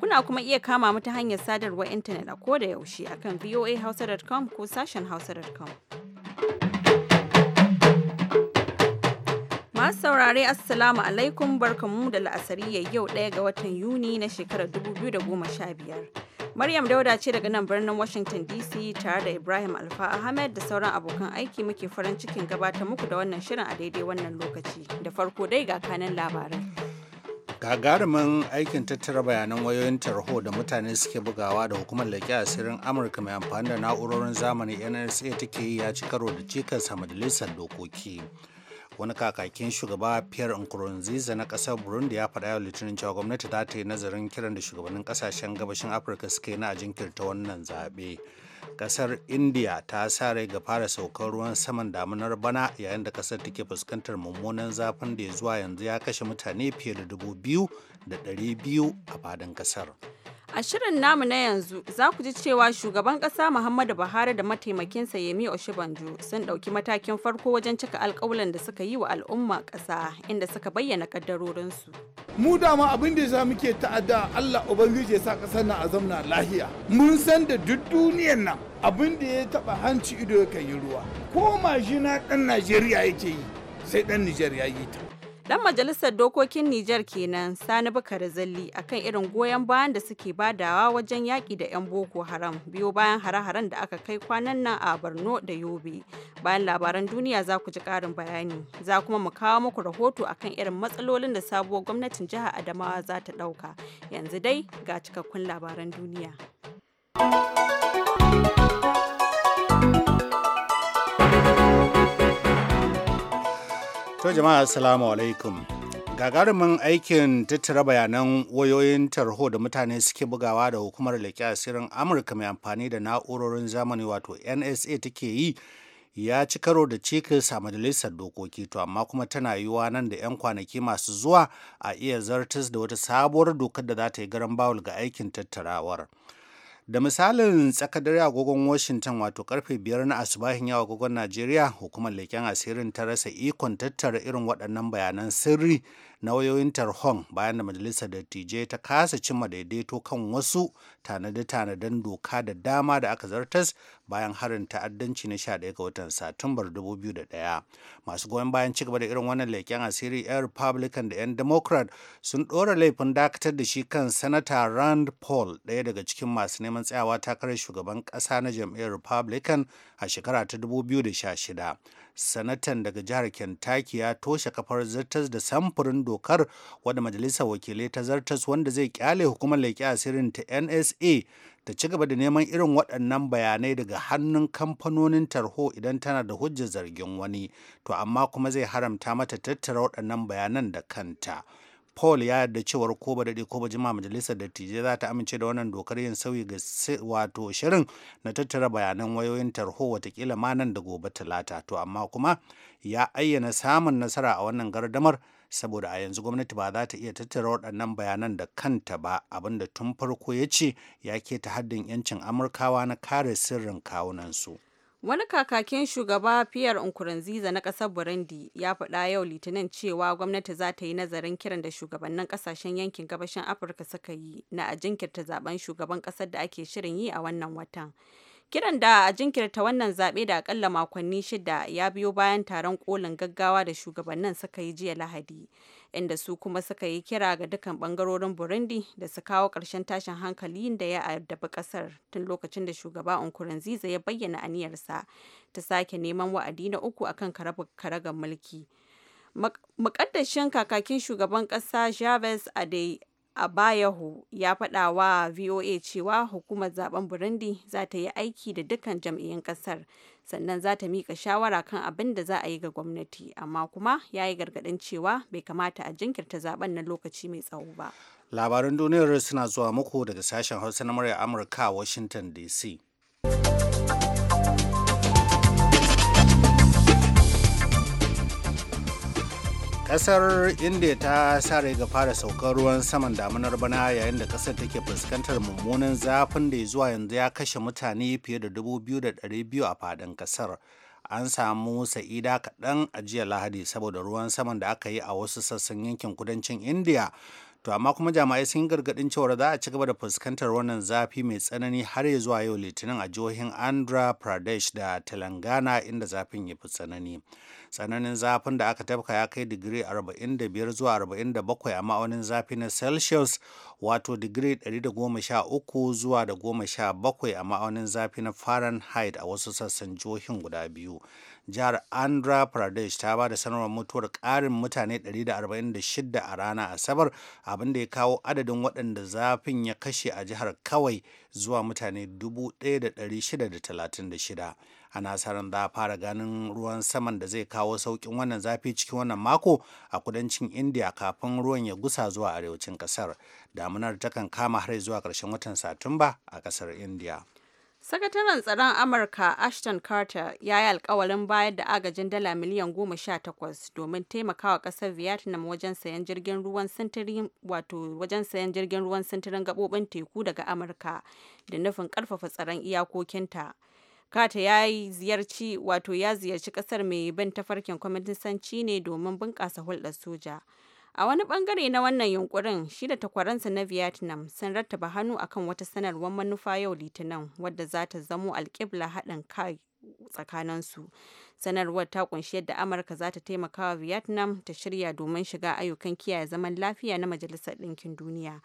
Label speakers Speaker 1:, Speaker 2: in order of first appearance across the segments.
Speaker 1: Kuna kuma iya kama mu ta hanyar sadarwar intanet a ko da yaushe akan voahausa.com ko sashen hausa.com. Masu saurare Assalamu alaikum barkamu da la'asari ya yau ɗaya ga watan Yuni na shekarar 2015. Maryam Dauda ce daga nan birnin Washington DC tare da Ibrahim Alfa Ahmed da sauran abokan aiki muke farin cikin gabata muku da wannan shirin a daidai wannan lokaci. Da farko dai ga kanan labarai.
Speaker 2: gagarumin aikin tattara bayanan wayoyin tarho da mutane suke bugawa da hukumar leƙi asirin amurka mai amfani da na'urorin zamani nsa take yi ya ci karo da cikas majalisar dokoki wani kakakin shugaba pierre nkurunziza na ƙasar burundi ya faɗa yau litinin cewa gwamnati za ta yi nazarin kiran da shugabannin ƙasashen gabashin afirka suka yi na a jinkirta wannan zaɓe kasar india ta sa rai ga fara saukar ruwan saman damunar bana yayin da kasar take fuskantar mummunan zafin da ya zuwa yanzu ya kashe mutane fiye da dubu a fadin kasar
Speaker 1: A shirin namu na yanzu za ku ji cewa shugaban ƙasa Muhammadu Buhari da mataimakinsa Yemi Oshibanju sun ɗauki matakin farko wajen cika alkawalan da suka yi wa al'umma ƙasa inda suka bayyana ƙaddarorinsu.
Speaker 3: Mu dama abin da ya muke ta'adda Allah Ubangiji ya sa ƙasar na a zamna lahiya. Mun san da duk duniyar nan abin da ya taɓa hanci ido ya yi ruwa. Ko mashina ɗan Najeriya yake yi sai ɗan Nijar ya yi ta.
Speaker 1: Dan majalisar dokokin Nijar kenan Sani Bukari Zalli akan irin goyon bayan da suke badawa wajen yaƙi da 'yan Boko Haram biyo bayan hare-haren da aka kai kwanan nan a Borno da Yobe. Bayan labaran duniya za ku ji ƙarin bayani. Za kuma mu kawo muku rahoto akan irin matsalolin da sabuwar gwamnatin jihar Adamawa za ta ɗauka. Yanzu dai ga cikakkun labaran duniya.
Speaker 2: To jama'a assalamu alaikum. Gagarumin aikin tattara bayanan wayoyin tarho da mutane suke bugawa da hukumar leƙe asirin Amurka mai amfani da na'urorin zamani wato NSA take yi ya ci karo da cikas a majalisar dokoki to amma kuma tana yiwuwa nan da 'yan kwanaki masu zuwa a iya zartas da wata sabuwar dokar da za ta yi garan bawul ga aikin tattarawar. da misalin tsakadare agogon washington wato karfe biyar na asubahin yawa agogon najeriya hukumar leken asirin ta rasa ikon tattara irin waɗannan bayanan sirri na wayoyin tarhon bayan da majalisar dattijai ta kasa cimma daidaito kan wasu tanade-tanaden doka da dama da aka zartas bayan harin ta'addanci na 11 ga watan Satumbar 2001. Masu goyon bayan ci gaba da irin wannan leƙen asiri 'yan Republican da 'yan Democrat sun ɗora laifin dakatar da shi kan Sanata Rand Paul, ɗaya daga cikin masu neman tsayawa takarar shugaban ƙasa na jam'iyyar Republican a shekara ta 2016. sanatan daga jihar kentucky ya toshe kafar zartas da samfurin dokar wadda majalisar wakilai ta zartas wanda zai kyale hukumar leƙi asirin ta nsa ta ci gaba da neman irin waɗannan bayanai daga hannun kamfanonin tarho idan tana da hujjar zargin wani to amma kuma zai haramta mata tattara waɗannan bayanan da kanta paul ya yarda cewar ko ba daɗe ko ba jima majalisar dattijai za ta amince da wannan dokar yin sauyi ga wato shirin na tattara bayanan wayoyin tarho watakila ma nan da gobe talata to amma kuma ya ayyana samun nasara a wannan gardamar saboda a yanzu gwamnati ba za ta iya tattara waɗannan bayanan da kanta ba abinda tun farko ya ce ya keta haddin 'yancin amurkawa na kare sirrin kawunansu.
Speaker 1: Wani kakakin shugaba Pierre Nkurunziza na ƙasar Burundi ya faɗa yau Litinin cewa gwamnati za ta yi nazarin kiran da shugabannin ƙasashen yankin gabashin Afirka suka yi na a jinkirta zaben shugaban ƙasar da ake shirin yi a wannan watan. Kiran da a jinkirta wannan zaɓe da akalla makonni shida ya biyo bayan taron kolin gaggawa da shugabannin suka yi jiya Lahadi, inda su kuma suka yi kira ga dukkan bangarorin burundi da su kawo ƙarshen tashin hankali da ya addabi ƙasar tun lokacin da shugaba nkurunziza ya bayyana aniyarsa ta sake neman wa'adi na uku akan karagar mulki mukaddashin kakakin shugaban ƙasa javes ade Abayohu ya faɗa wa VOA cewa hukumar zaben Burundi za ta yi aiki da dukkan jam'iyyun ƙasar, sannan za ta mika shawara kan abin da za a yi ga gwamnati, amma kuma ya yi gargaɗin cewa bai kamata a jinkirta zaben na lokaci mai tsawo ba.
Speaker 2: Labaran duniyar suna zuwa muku daga sashen Hausa na murya Amurka a Washington DC. kasar india ta sare ga fara saukar ruwan saman damunar bana yayin da kasar take fuskantar mummunan zafin da zuwa yanzu ya kashe mutane fiye da 2,200 a fadin kasar an samu sa'ida kaɗan a jiya lahadi saboda ruwan saman da aka yi a wasu sassan yankin kudancin india to amma kuma jami'ai sun yi gargaɗin cewar za a ci gaba da fuskantar wannan zafi mai tsanani har ya zuwa yau litinin a jihohin andhra pradesh da telangana inda zafin ya fi tsanani tsananin zafin da aka tafka ya kai digiri 45 zuwa 47 a ma'aunin zafi na celsius wato digiri 113 zuwa 17 a ma'aunin zafi na fahrenheit a wasu sassan jihohin guda biyu jihar andhra pradesh ta ba da sanarwar mutuwar ƙarin mutane 146 a rana asabar abinda ya kawo adadin waɗanda zafin ya kashe a jihar kawai zuwa mutane 1636 ana nasarar da a fara ganin ruwan saman da zai kawo saukin wannan zafi cikin wannan mako a kudancin india kafin ruwan ya gusa zuwa arewacin kasar damunar takan kama har zuwa karshen watan satumba a kasar india
Speaker 1: Sakataren tsaron Amurka Ashton Carter ya yi alkawarin bayar da agajin dala miliyan goma sha takwas domin taimakawa ƙasar Vietnam wajen sayan jirgin ruwan sintirin wato wajen sayan jirgin ruwan sintirin gaɓoɓin teku daga Amurka da nufin ƙarfafa tsaron iyakokinta. kata ya ziyarci wato ya ziyarci kasar mai bin tafarkin sanci ne domin bunƙasa hulɗar soja. A wani bangare na wannan yunkurin, shi da takwaransa na Vietnam sun rattaba hannu akan wata sanarwar manufa yau Litinin wadda za ta zamo alƙibla haɗin kai tsakaninsu. Sanarwar ta kunshi yadda Amurka za ta taimaka wa Vietnam ta shirya domin shiga ayyukan kiyaye zaman lafiya na Majalisar Ɗinkin Duniya.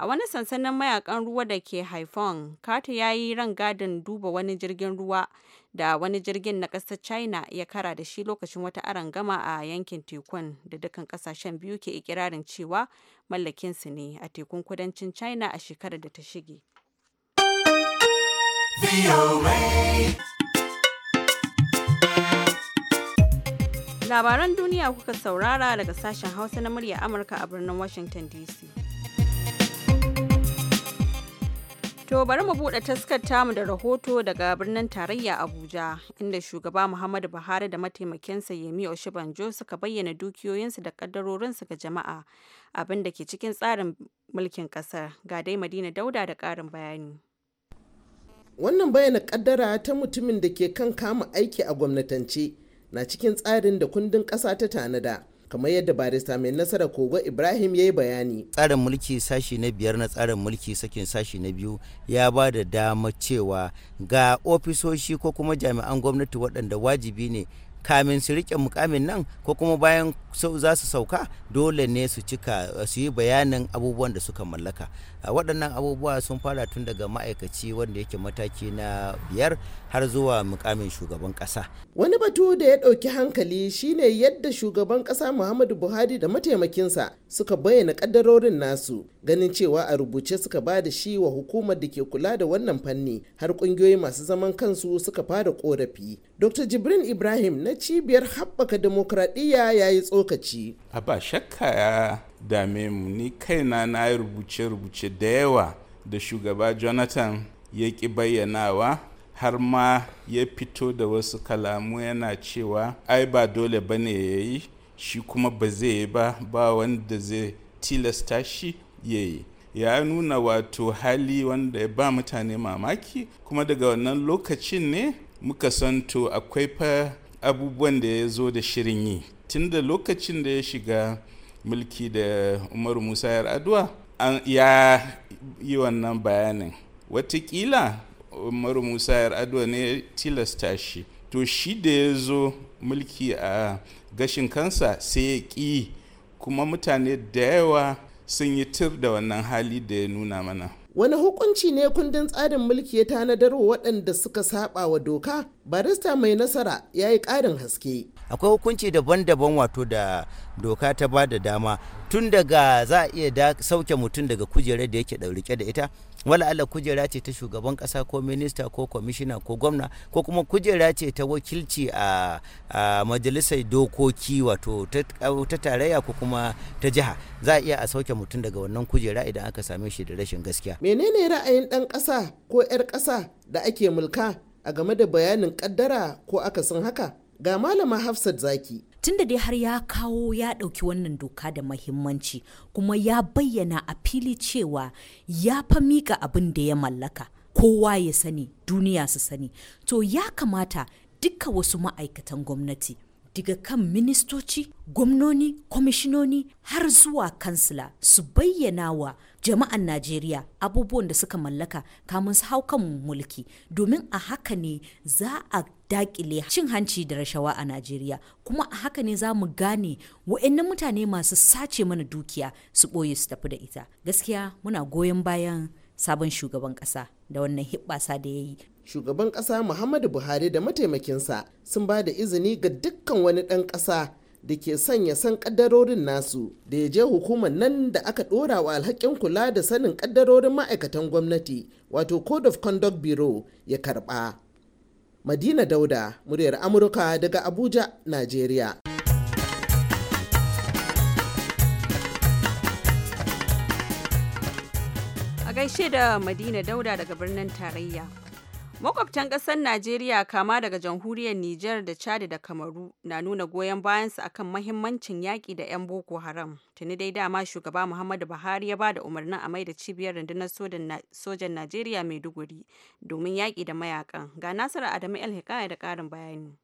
Speaker 1: A wani sansanin mayakan ruwa da ke Haiphong, Carter ya yi rangadin duba wani jirgin ruwa da wani jirgin na ƙasar China ya kara da shi lokacin wata gama a yankin tekun da dukkan kasashen biyu ke ikirarin cewa mallakinsu ne a tekun kudancin China a shekarar da ta shige. Labaran duniya kuka saurara daga sashen Hausa na murya Amurka a birnin Washington DC. To bari mu buɗe taskar tamu da rahoto daga birnin tarayya Abuja inda shugaba Muhammadu Buhari da mataimakinsa Yemi Oshibanjo suka bayyana dukiyoyinsu da kaddarorinsu ga jama'a abinda ke cikin tsarin mulkin ƙasar. Ga dai Madina Dauda da ƙarin bayani.
Speaker 4: Wannan bayyana kaddara ta mutumin da ke kan kama aiki a gwamnatance na cikin tsarin da kundin ƙasa ta tanada. kamar yadda barista mai nasara kogo ibrahim ya yi
Speaker 5: bayani tsarin mulki sashi na biyar na tsarin mulki sakin sashi na biyu ya ba da dama cewa ga ofisoshi ko kuma jami'an gwamnati waɗanda wajibi ne kamin su rike mukamin nan ko kuma bayan za su sauka dole ne su cika su yi bayanin abubuwan da suka mallaka waɗannan abubuwa sun fara tun daga ma'aikaci wanda yake mataki na biyar har zuwa mukamin shugaban ƙasa
Speaker 4: wani batu da ya ɗauki hankali shine yadda shugaban ƙasa muhammadu buhari da mataimakinsa suka bayyana ƙaddarorin nasu ganin cewa a rubuce suka ba da shi wa hukumar da ke kula da wannan fanni har ƙungiyoyi masu zaman kansu suka fara ƙorafi dr jibrin ibrahim na na cibiyar haɓaka demokradiyya ya yi tsokaci.
Speaker 6: A ba shakka ya dame mu ni kaina na yi rubuce-rubuce da yawa da shugaba Jonathan ya ƙi bayyanawa har ma ya fito da wasu kalamu yana cewa ai ba dole ba ne ya yi shi kuma ba zai yi ba ba wanda zai tilasta shi ya yi. ya nuna wato hali wanda ya ba mutane mamaki kuma daga wannan lokacin ne muka san to akwai fa abubuwan da ya zo da shirin yi tun da lokacin da ya shiga mulki da umaru musa 'yar adu'a ya yi wannan bayanin watakila umaru musa 'yar yar'adua ne tilasta shi to shi da ya zo mulki a gashin kansa sai ya ƙi kuma mutane da yawa sun yi tir da wannan hali da ya nuna mana
Speaker 4: wani hukunci ne kundin tsarin mulki ya tanadar wa waɗanda suka saba wa doka barista mai nasara ya yi ƙarin haske
Speaker 5: akwai hukunci daban-daban wato da doka ta ba da dama tun daga za a iya sauke mutum daga kujerar da yake rike da ita wala ala kujera ce ta shugaban kasa ko minista ko kwamishina ko gwamna ko kuma kujera ce ta wakilci a, a majalisar dokoki wato ta tarayya ko kuma ta jiha za a iya a sauke mutum daga wannan kujera idan aka same shi da rashin gaskiya
Speaker 4: menene ra'ayin ɗan ƙasa ko 'yar ƙasa da ake mulka a game da bayanin ƙaddara ko akasin haka ga malama hafsat zaki tun da dai har ya kawo ya ɗauki wannan doka da mahimmanci kuma ya bayyana a fili cewa ya fa miƙa abin da ya mallaka kowa ya sani duniya su sani to ya kamata duka wasu ma'aikatan gwamnati daga kan ministoci gwamnoni kwamishinoni har zuwa kansila su bayyana wa jama'an najeriya abubuwan da suka mallaka kamun su hau kan mulki domin a haka ne za a dakile cin hanci da rashawa a najeriya kuma a haka ne za mu gane wa'annan mutane masu sace mana dukiya su ɓoye su tafi da ita gaskiya muna goyon bayan sabon shugaban ƙasa da wannan hibbasa da ya yi shugaban ƙasa muhammadu buhari da mataimakinsa sun ba da izini ga dukkan wani ɗan ƙasa da ke sanya san ƙaddarorin nasu da ya je hukumar nan da aka ɗora wa alhakin kula da sanin ƙaddarorin ma'aikatan gwamnati wato code of conduct bureau ya karɓa madina dauda muryar amurka daga abuja nigeria.
Speaker 1: a gaishe da madina dauda daga birnin tarayya Makwabtan ƙasar Najeriya kama daga jamhuriyar Nijar da Chad da Kamaru na nuna goyon bayansu akan mahimmancin yaƙi da 'yan Boko Haram. Tuni dai dama shugaba Muhammadu Buhari ya bada umarnin a mai da cibiyar rundunar sojan Najeriya Maiduguri domin yaƙi da mayakan. Ga Nasiru Adamu El Hikaya da ƙarin bayani.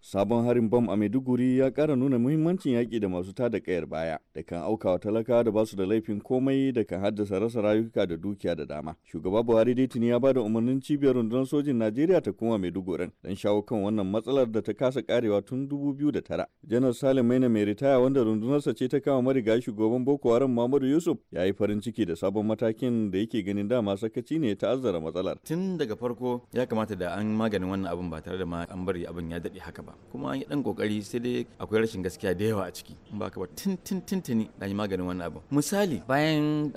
Speaker 7: Sabon harin bom a Maiduguri ya kara nuna muhimmancin yaƙi da masu tada ƙayar baya da kan auka wa talaka da basu da laifin komai da kan haddasa rasa rayuka da dukiya da dama. Shugaba Buhari dai tuni ya ba da umarnin cibiyar rundunar sojin Najeriya ta kuma Maidugurin don shawo kan wannan matsalar da ta kasa karewa tun 2009. Janar Salim Maina mai ritaya wanda rundunarsa ce ta kama mariga shugaban Boko Haram Muhammadu Yusuf ya yi farin ciki da sabon matakin da yake ganin dama sakaci ne ta azzara matsalar. Tun daga farko ya kamata da an maganin wannan abin ba tare da ma an bari abin ya daɗe haka ba. kuma an yi dan kokari
Speaker 8: sai dai akwai rashin gaskiya da yawa a ciki in ba ka ba tin tin tin tini da yi maganin wannan abu misali bayan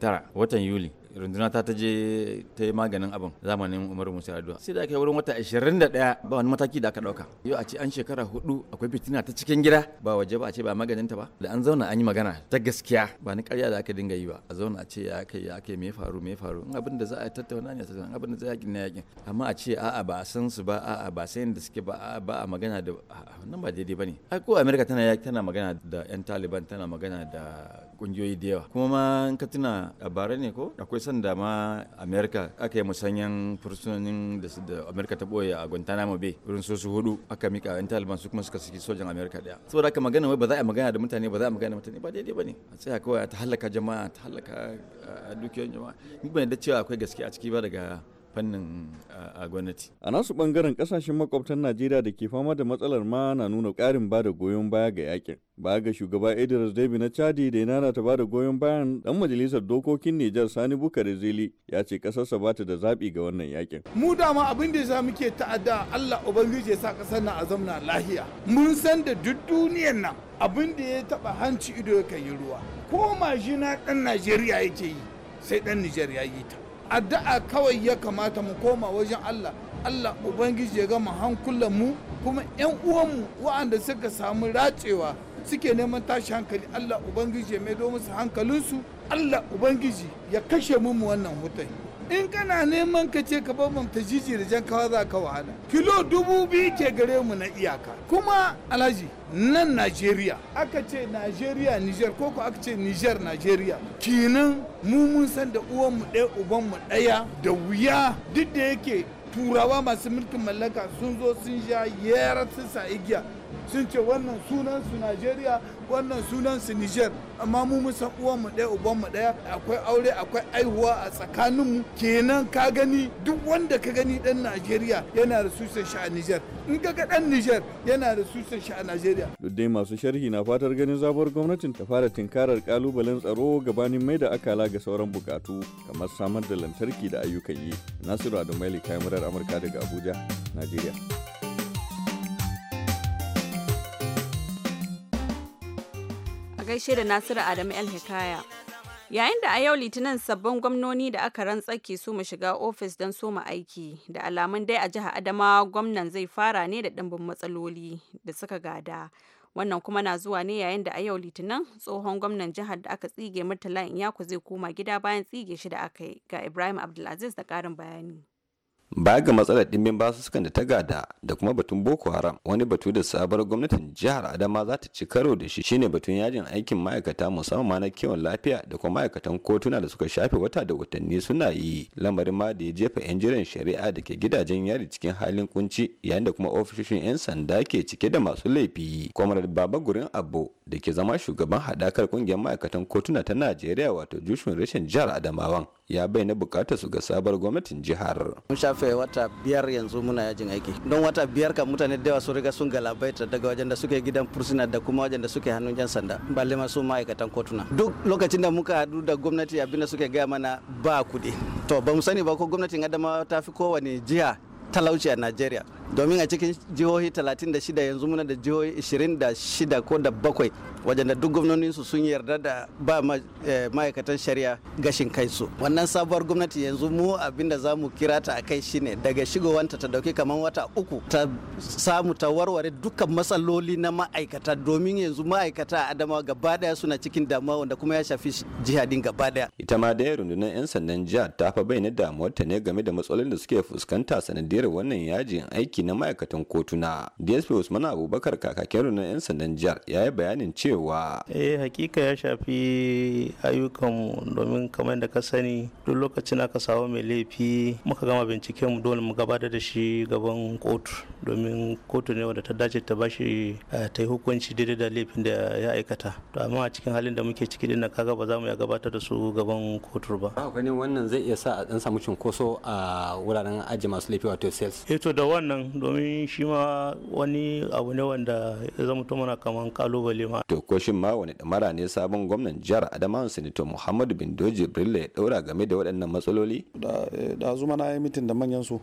Speaker 8: tara watan yuli runduna ta je ta yi maganin abin zamanin umaru musa addu'a sai da aka yi wurin wata 21 ba wani mataki da aka dauka yau a ce an shekara hudu akwai fitina ta cikin gida ba waje ba a ce ba maganin ta ba da an zauna an yi magana ta gaskiya ba ni karya da aka dinga yi ba a zauna a ce ya aka ya aka me faru me faru in abin da za a tattauna ne sai abin da za a yakin na yakin amma a ce a'a ba san su ba a'a ba sai da suke ba a'a ba a magana da nan ba daidai bane ai ko america tana tana magana da yan taliban tana magana da kungiyoyi da yawa kuma ma in ka tuna a bara ne ko akwai da ma america aka yi musanyen fursunonin da america ta boye a guantanamo bay wurin su su hudu aka mika yan taliban su kuma suka saki sojan america daya saboda haka magana wai ba za a magana da mutane ba za a magana da mutane ba daidai bane a tsaya kawai ta halaka jama'a ta halaka dukiyoyin jama'a ni ban da cewa akwai gaskiya a ciki ba daga fannin a gwamnati.
Speaker 7: A nasu bangaren kasashen makwabtan Najeriya da ke fama da matsalar ma na nuna karin bada goyon baya ga yakin. Baya ga shugaba Idris Debi na Chadi da yana nana ta bada goyon bayan dan majalisar dokokin Nijar Sani Bukari Zeli ya ce kasarsa ba ta da zaɓi ga wannan yakin.
Speaker 3: Mu dama abin da ya muke ta'adda Allah Ubangiji ya sa ƙasar na a zamna lahiya. Mun san da duk duniyar nan abin da ya taɓa hanci ido ya yi ruwa. Ko majina ɗan Najeriya yake yi sai ɗan Nijar ya yi ta. addu'a kawai ya kamata mu koma wajen Allah Allah ubangiji ya gama hankulan mu kuma yan uwanmu wa'anda suka samu racewa suke neman tashi hankali Allah ubangiji ya maido musu hankalinsu Allah ubangiji ya kashe mu wannan hutai in kana neman ka ce ka bar mamta jiji da jan kawa za ka wahala kilo dubu biyu ke gare mu na iyaka kuma alhaji nan najeriya aka ce najeriya niger ko ko aka ce niger najeriya kinan mu mun san da uwanmu ɗaya uban mu ɗaya da wuya duk da yake turawa masu mulkin mallaka sun zo sun sha yara sun sa igiya sun ce wannan sunan su Najeriya wannan sunan su Niger amma mu mun san uwan mu ɗaya uban mu ɗaya akwai aure akwai aihuwa a tsakanin mu kenan ka gani duk wanda ka gani dan Najeriya yana da susan shi a Niger in ka ga dan Niger yana da susan shi a Najeriya
Speaker 7: duk dai masu sharhi na fatar ganin zabuwar gwamnatin ta fara tinkarar kalubalen tsaro gabanin mai da akala ga sauran bukatu kamar samar da lantarki da ayyukan yi Nasiru Adamu Mali amurka daga abuja najeriya
Speaker 1: a gaishe da nasiru adamu el hikaya yayin da a yau litinin sabbin gwamnoni da aka rantsa ke su mu shiga ofis don soma aiki da alamun dai a jihar adamawa gwamnan zai fara ne da ɗimbin matsaloli da suka gada wannan kuma na zuwa ne yayin da a yau litinin tsohon gwamnan jihar da aka tsige murtala inyaku zai koma gida bayan tsige shi da aka yi ga ibrahim abdulaziz da karin bayani
Speaker 9: baya ga matsalar dimbin basussukan da ta gada da kuma batun boko haram wani batu da sabar gwamnatin jihar adama za ta ci karo da shi shine batun yajin aikin ma'aikata musamman ma na kiwon lafiya da kuma ma'aikatan kotuna da suka shafe wata da watanni suna yi lamarin ma da ya jefa yan jiran shari'a da ke gidajen yari cikin halin kunci yayin da kuma ofishoshin yan sanda ke cike da masu laifi kwamar baba gurin abo da ke zama shugaban haɗakar ƙungiyar ma'aikatan kotuna ta najeriya wato jushin rashin jihar adamawan ya bayyana bukatar su ga sabar gwamnatin jihar.
Speaker 5: Mun shafe wata biyar yanzu muna yajin aiki. Don wata biyar kan mutane da yawa sun riga sun galabaita daga wajen da suke gidan fursuna da kuma wajen da suke hannun yan sanda. Balle ma su ma'aikatan kotuna. Duk lokacin da muka haɗu da gwamnati abin da suke gaya mana ba kuɗi. To ba mu sani ba ko gwamnatin Adamawa ta fi kowane jiha talauci a Najeriya. domin a cikin jihohi 36 yanzu muna da jihohi 26 ko da bakwai wajen da duk gwamnoninsu sun yarda da ba eh, ma'aikatan shari'a gashin kai su. wannan sabuwar gwamnati yanzu mu abinda za mu kira ta a kai shine daga shigowanta ta dauki kamar wata uku ta samu ta warware dukkan matsaloli na ma'aikata domin yanzu ma'aikata a adama gaba daya suna cikin damuwa wanda kuma ya shafi
Speaker 9: jihadin gaba daya ita ma dai rundunar yan sandan jihar ta fa bayyana damuwarta ne game da matsalolin da suke fuskanta sanadiyar wannan yajin aiki aiki na ma'aikatan kotuna dsp usman abubakar kakakin runar 'yan sandan jihar ya yi bayanin cewa
Speaker 6: eh hakika ya shafi ayyukanmu domin kamar da ka sani duk lokacin aka samu mai laifi muka gama
Speaker 2: binciken mu dole mu gabatar da shi gaban kotu domin kotu ne wanda ta dace ta bashi eh, ta yi hukunci daidai da laifin da ya aikata to amma a cikin halin da muke ciki din kaga ba za mu ya gabatar da su gaban kotu ba ba ganin wannan zai iya sa a dan samu cinkoso a wuraren
Speaker 9: ajiye masu laifi wato sales
Speaker 2: eh to da wannan domin shi ma wani abu ne wanda ya zama to mana kamar kalubale ma
Speaker 9: to ko shin ma wani damara ne sabon gwamnan jihar Adamawa sinito Muhammadu bin Doji Brille ya daura game da waɗannan matsaloli eh, da zuma na yi mitin da
Speaker 2: manyan su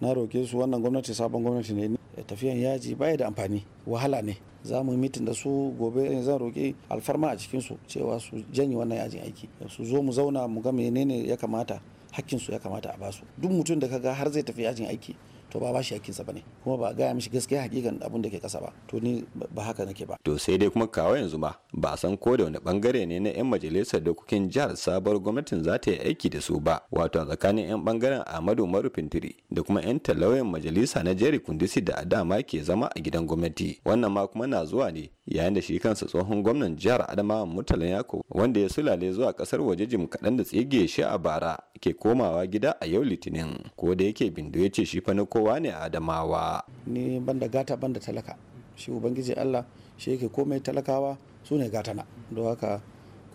Speaker 2: na roke su wannan gwamnati sabon gwamnati ne eh, tafiyan yaji baya da amfani wahala ne za mu mitin da su gobe eh, zan roƙi alfarma a cikinsu cewa su janyi wannan yajin aiki su zo mu zauna mu ga menene ya kamata hakkinsu ya kamata a basu duk mutum da kaga har zai tafi yajin aiki to ba ba shi hakkinsa ba ne kuma ba gaya mishi gaskiya hakikan abin da ke kasa ba to ni ba haka nake ba
Speaker 9: to sai dai kuma kawo yanzu ma ba san ko da wani bangare ne na yan majalisar dokokin jihar sabuwar gwamnatin za ta yi aiki da su ba wato a tsakanin yan bangaren Ahmadu Umaru Fintiri da kuma yan talauyan majalisa na Jerry Kundisi da Adama ke zama a gidan gwamnati wannan ma kuma na zuwa ne yayin da shi kansa tsohon gwamnan jihar adamawa murtala yako wanda ya sulale zuwa kasar waje jim kaɗan da tsige shi a bara ke komawa gida a yau litinin ko da yake bindo ya ce shi fa na kowa ne a adamawa
Speaker 2: ni banda gata banda talaka shi ubangiji allah shi yake komai talakawa su ne gatana don haka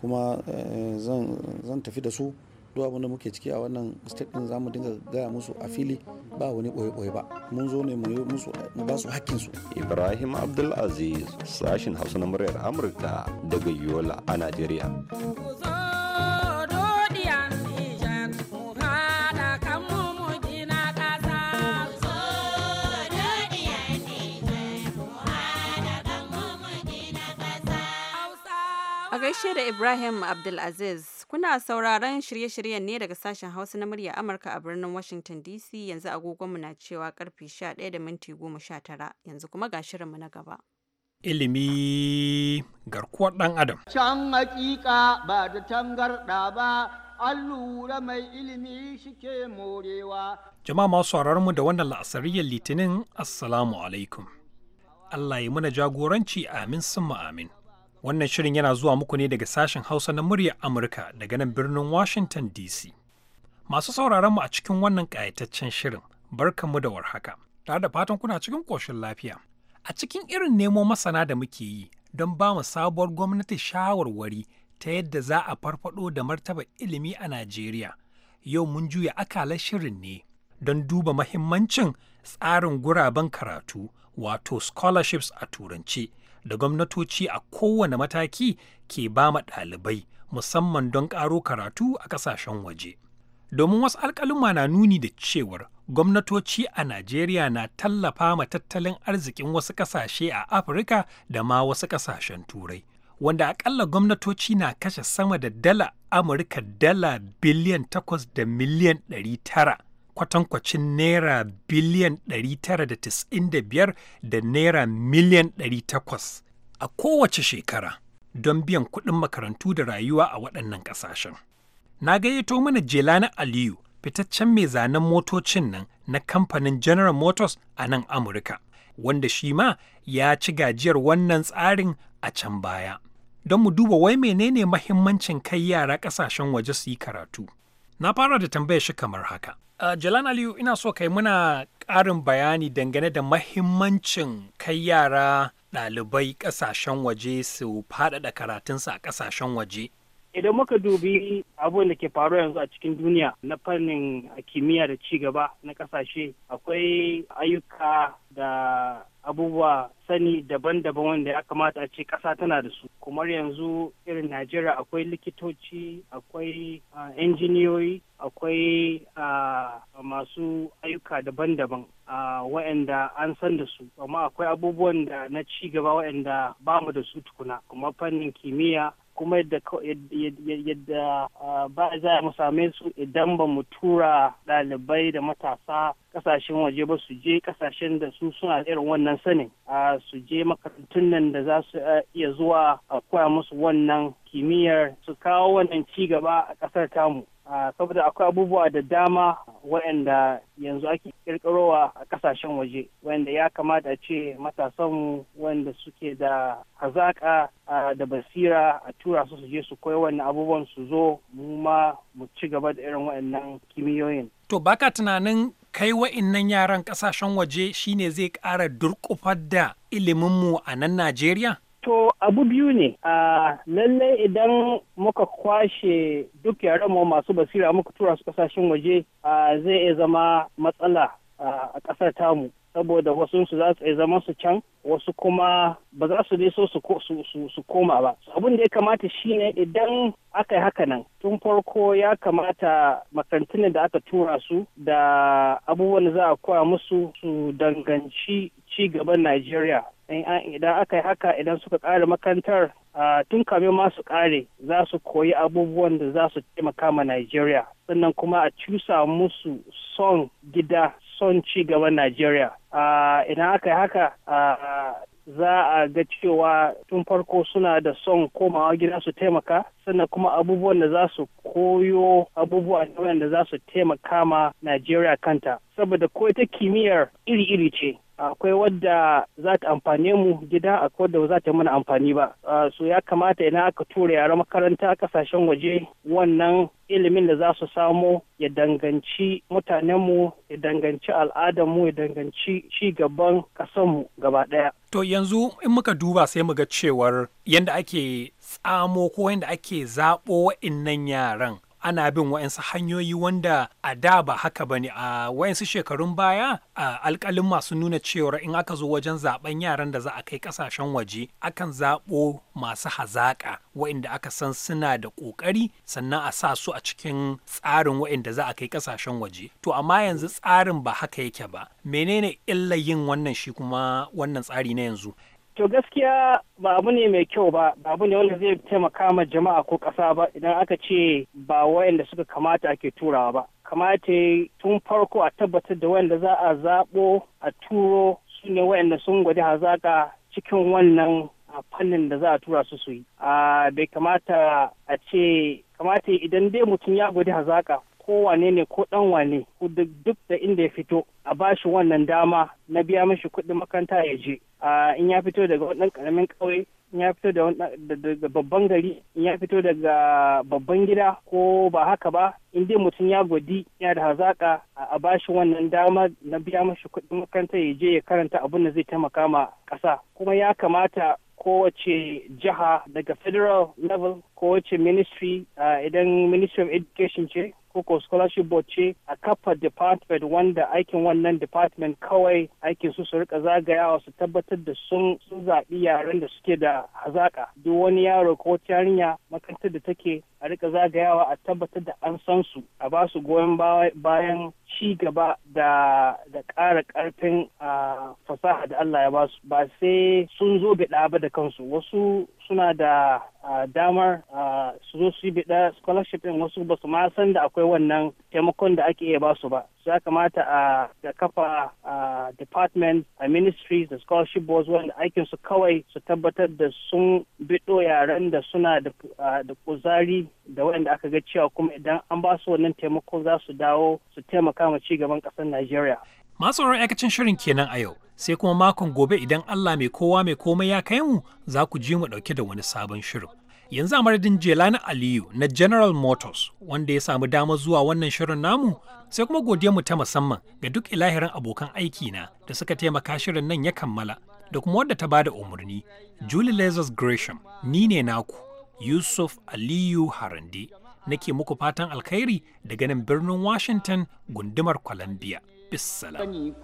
Speaker 2: kuma eh, zan tafi da su duk abin da muke ciki a wannan state din zamu dinga gaya musu a fili ba wani boye-boye ba mun zo ne mu yi musu mu
Speaker 9: ba su hakkin su Ibrahim Aziz sashin Hausa na muryar Amurka daga Yola a Najeriya
Speaker 1: A gaishe da Ibrahim Abdulaziz kuna sauraron shirye-shiryen ne daga sashen Hausa na murya Amurka a birnin Washington DC yanzu agogonmu na cewa karfe 11 da minti goma sha tara, yanzu kuma ga shirinmu na gaba.
Speaker 10: Ilimi garkuwar ɗan Adam.
Speaker 1: Can hakika ba da
Speaker 5: tangarɗa ba an lura mai ilimi shike morewa.
Speaker 10: Jama'a masu mu da wannan la'asariyar litinin Assalamu alaikum. Allah ya muna jagoranci amin sun amin. Wannan shirin yana zuwa muku ne daga sashen Hausa na muryar Amurka daga nan birnin Washington DC. Masu sauraron mu a cikin wannan ƙayataccen shirin, barkanmu da warhaka. Tare da fatan kuna cikin ƙoshin lafiya. A cikin irin nemo masana da muke yi don ba mu sabuwar gwamnati shawarwari ta yadda za a farfado da martaba ilimi a Najeriya. Yau mun juya akalar shirin ne don duba mahimmancin tsarin guraben karatu wato scholarships a turance da gwamnatoci a kowane mataki ke ba ma ɗalibai musamman don ƙaro karatu a ƙasashen waje. Domin wasu alƙaluma na nuni da cewar gwamnatoci a Najeriya na tallafa ma tattalin arzikin wasu ƙasashe a Afirka da ma wasu ƙasashen Turai. Wanda aƙalla gwamnatoci na kashe sama da dala Amurka dala biliyan takwas da miliyan ɗari tara kwatankwacin naira biliyan 995 da naira miliyan 800 a kowace shekara don biyan kuɗin makarantu da rayuwa a waɗannan ƙasashen. Na gayyato mana Jelani Aliyu fitaccen mai zanen motocin nan na kamfanin General Motors a nan Amurka, wanda shi ma ya ci gajiyar wannan tsarin a can baya. Don mu duba wai menene mahimmancin kai yara ƙasashen waje su yi karatu. Na fara da tambayar shi kamar haka. Uh, Jalan Aliyu ina so kai muna ƙarin bayani dangane da mahimmancin kai yara ɗalibai ƙasashen waje su faɗaɗa karatunsu a ƙasashen waje. idan
Speaker 11: muka dubi abin da ke faruwa yanzu a cikin duniya na fannin kimiyya da ci gaba na kasashe akwai ayyuka da abubuwa sani daban-daban wanda ya kamata a ce ƙasa tana da su kumar yanzu irin najeriya akwai likitoci akwai injiniyoyi akwai masu ayyuka daban-daban waɗanda an san da su amma akwai abubuwan da na ci gaba waɗanda ba mu da su tukuna kuma fannin kimiyya kuma yadda ah, ba za mu same su idan ba mu tura ɗalibai da matasa kasashen waje ba su je kasashen da su suna irin wannan sanin a ah, su je makarantun nan da za su ah, iya zuwa a koya musu wannan kimiyyar su kawo wannan ci gaba a ƙasar tamu saboda akwai abubuwa da dama waɗanda yanzu ake kirkirowa a kasashen waje waɗanda ya kamata ce matasanmu waɗanda suke da hazaƙa da basira a tura su su je su koyi wannan abubuwan su zo mu ma mu ci gaba da irin waɗannan kimiyoyin.
Speaker 10: To baka tunanin kai wa'innan yaran ƙasashen waje shine zai ƙara durƙufar da iliminmu a nan Najeriya?
Speaker 11: To abu biyu ne, a lallai idan muka kwashe duk mu masu basira muka tura su kasashen waje zai iya zama matsala a ƙasar tamu. saboda wasu su za su zama su can wasu kuma ba za su ne so su koma ba abin da ya kamata shine idan aka yi haka nan tun farko ya kamata makarantun da aka tura su da abubuwan da za a koya musu su danganci ci gaban Najeriya idan aka yi haka idan suka ƙare makantar tun kamin masu ƙare za su koyi abubuwan da za su taimaka ma Najeriya sannan kuma a cusa musu son gida son ci gaban Najeriya idan aka yi haka za a ga cewa tun farko suna da son komawa gida su taimaka sannan kuma abubuwan da za su koyo abubuwa da za su taimaka ma Najeriya kanta saboda ko kimiyyar iri-iri ce akwai wadda za ta amfane mu gida akwai wadda ba za ta mana amfani ba so ya kamata ina aka tura yara makaranta kasashen waje wannan ilimin da za su samo ya danganci mutanenmu ya danganci al'adarmu ya danganci ci gaban ƙasanmu gaba ɗaya.
Speaker 10: To yanzu in muka duba sai muga cewar yadda ake tsamo ko yadda ake zaɓo wa'innan yaran ana bin wa'yansu hanyoyi wanda a da ba haka ba ne a wa'yansu shekarun baya a alkalin masu nuna cewar in aka zo wajen zaben yaran da za a kai kasashen waje akan zaɓo masu hazaƙa wa'inda aka san suna da ƙoƙari sannan a sa su a cikin tsarin wa'inda za a kai kasashen waje to amma yanzu tsarin ba haka yake ba menene illa yin wannan shi kuma wannan tsari na yanzu
Speaker 11: To gaskiya ba abu ne mai kyau ba, ba abu ne wanda zai taimaka ma jama'a ko ƙasa ba idan aka ce ba wayanda suka kamata ake turawa ba. Kamata tun farko a tabbatar da wayanda za a zaɓo a turo su ne wayanda sun gwada hazaƙa cikin wannan fannin da za a tura su su yi. Bai kamata a ce kamata idan dai mutum ya gwada hazaƙa ko wane ne ko dan wane duk da inda ya fito a bashi wannan dama na biya mashi kuɗin makaranta ya je in ya fito daga wannan karamin ƙauye in ya fito daga babban gari in ya fito daga babban gida ko ba haka ba in dai mutum ya gwadi ya da hazaka a bashi wannan dama na biya mashi kuɗin makaranta ya je ya karanta abin da zai taimaka ma ƙasa kuma ya kamata kowace jiha daga federal level kowace ministry idan ministry of education ce koko scholarship board ce a kafa department wanda aikin wannan department kawai aikin su su rika zagayawa su tabbatar da sun zaɓi yaren da suke da hazaka duk wani yaro ko yarinya makarantar da take a rika zagayawa a tabbatar da an san su a ba su goyon bayan ci gaba da da ƙara ƙarfin ah, fasaha da Allah ya ba su ba sai sun zo biɗa ba da kansu wasu suna da damar su zo su yi biɗa scholarship ɗin wasu ba su ma san da akwai wannan taimakon da ake iya ba su ba su ya kamata a da kafa department a ministries da scholarship boards wanda aikin su kawai su tabbatar da sun biɗo yaren da suna da kuzari da wanda aka ga cewa kuma idan an ba su wannan taimakon za su dawo su taimaka ma ci gaban ƙasar
Speaker 10: Najeriya. Matsoron aikacin shirin kenan a yau, sai kuma makon gobe idan Allah mai kowa mai komai ya kai mu za ku ji mu ɗauke da wani sabon shirin. Yanzu a madadin Jelani Aliyu na General Motors wanda ya samu damar zuwa wannan shirin namu sai kuma godiya mu ta musamman ga duk ilahirin abokan aiki na da suka taimaka shirin nan ya kammala da kuma wadda ta bada umarni Julie Lazarus Gresham ni ne naku Yusuf Aliyu Harande nake muku fatan alkhairi daga nan birnin Washington gundumar Columbia. Bissalam.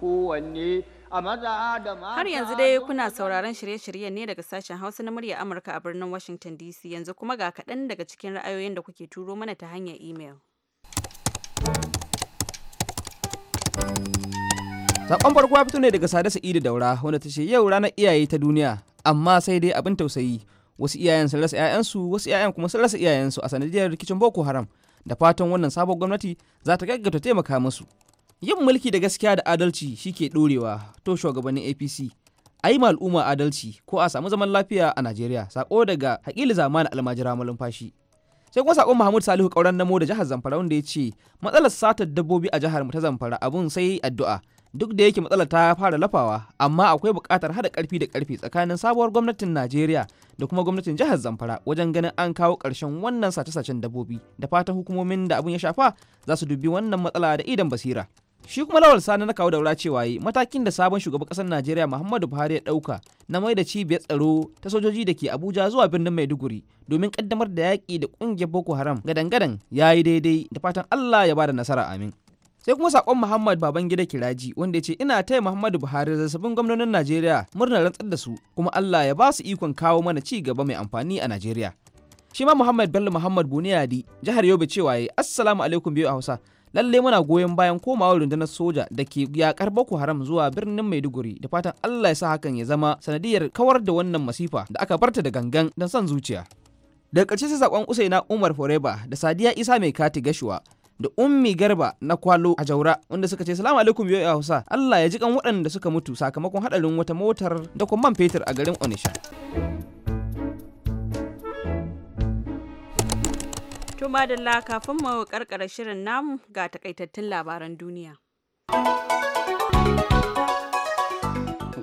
Speaker 1: Har yanzu dai kuna sauraron shirye-shiryen ne daga sashen Hausa na murya Amurka a birnin Washington DC yanzu kuma ga kaɗan daga cikin ra'ayoyin da kuke turo mana ta hanyar email.
Speaker 12: saƙon farko fito ne daga Sada Sa'idu Daura wanda ta ce yau ranar iyaye ta duniya amma sai dai abin tausayi wasu iyayen sun rasa 'ya'yansu wasu 'ya'yan kuma sun rasa iyayensu a sanadiyar rikicin Boko Haram da fatan wannan sabon gwamnati za ta gaggauta taimaka musu. yin mulki da gaskiya da adalci shi ke ɗorewa to shugabannin apc a yi al'umma adalci ko a samu zaman lafiya a najeriya sako daga hakili zamani almajira malumfashi sai kuma sakon mahmud salihu kauran namo da jihar zamfara wanda ya ce matsalar satar dabbobi a jihar mu ta zamfara abun sai addu'a duk da yake matsalar ta fara lafawa amma akwai buƙatar haɗa ƙarfi da ƙarfi tsakanin sabuwar gwamnatin najeriya da kuma gwamnatin jihar zamfara wajen ganin an kawo ƙarshen wannan sace-sacen dabbobi da fatan hukumomin da abin ya shafa za su dubi wannan matsala da idan basira shi kuma lawal sani na kawo daura cewa yi matakin da sabon shugaban ƙasar najeriya muhammadu buhari ya ɗauka, na mai da cibiyar tsaro ta sojoji da ke abuja zuwa birnin maiduguri domin ƙaddamar da yaƙi da ƙungiyar boko haram gadan-gadan ya yi daidai da fatan allah ya ba da nasara amin sai kuma saƙon muhammad babangida kiraji wanda ya ce ina taya muhammadu buhari da sabbin gwamnonin najeriya murnar rantsar da su kuma allah ya ba su ikon kawo mana ci gaba mai amfani a najeriya shi ma Muhammad Bello Muhammad Buniyadi jihar Yobe cewa yi Assalamu alaikum biyu a Hausa lalle muna goyon bayan komawar rundunar soja da ke yakar boko haram zuwa birnin maiduguri da fatan allah ya sa hakan ya zama sanadiyar kawar da wannan masifa da aka barta da gangan don son zuciya daga ƙarshe sai sakon usaina umar foreba da sadiya isa mai kati gashuwa da ummi garba na kwalo a jaura wanda suka ce salamu alaikum yau hausa allah ya ji kan waɗanda suka mutu sakamakon haɗarin wata motar da kuma man fetur a garin onisha
Speaker 1: To madalla kafin mu karkara shirin namu ga takaitattun labaran duniya.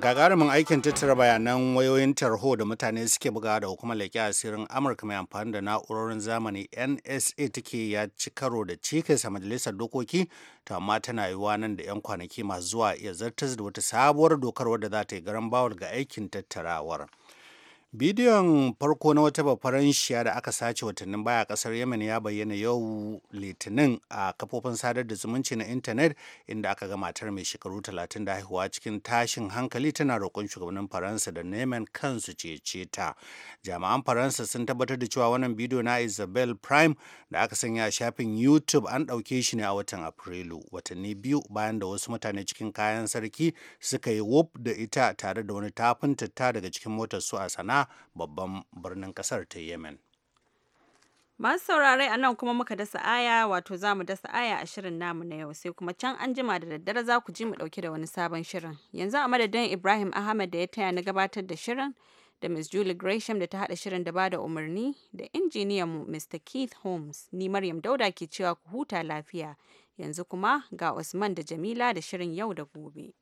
Speaker 2: gagarumin aikin tattara bayanan wayoyin tarho da mutane suke bugawa da hukumar leƙe asirin amurka mai amfani da na'urorin zamani nsa take ya ci karo da cikinsa majalisar dokoki ta amma tana yiwuwa nan da 'yan kwanaki masu zuwa iya zartar da wata sabuwar dokar wadda za ta yi garan bawul ga aikin tattarawar bidiyon farko na wata shiya da aka sace watannin baya kasar yemen ya bayyana yau litinin a kafofin sadar da zumunci na intanet inda aka ga matar mai shekaru 30 da haihuwa cikin tashin hankali tana roƙon shugabannin faransa da neman kansu cece ta jami'an faransa sun tabbatar da cewa wannan bidiyo na isabel prime da aka sanya a shafin youtube an ɗauke shi ne a watan afrilu watanni biyu bayan da wasu mutane cikin kayan sarki suka yi wof da ita tare da wani tafin tafinta daga cikin motar su a sana'a babban birnin kasar ta yemen
Speaker 1: masu saurare a nan kuma muka dasa aya wato za mu dasa aya a shirin namu na yau sai kuma can an jima da daddare za ku ji mu dauke da wani sabon shirin yanzu a madadin ibrahim ahmad da ya taya na gabatar da shirin da Ms. Julie Gresham da ta hada shirin da ba da umarni da mu Mr. Keith Holmes ni Maryam Dauda ke cewa ku huta lafiya yanzu kuma ga Usman da Jamila da shirin yau da gobe.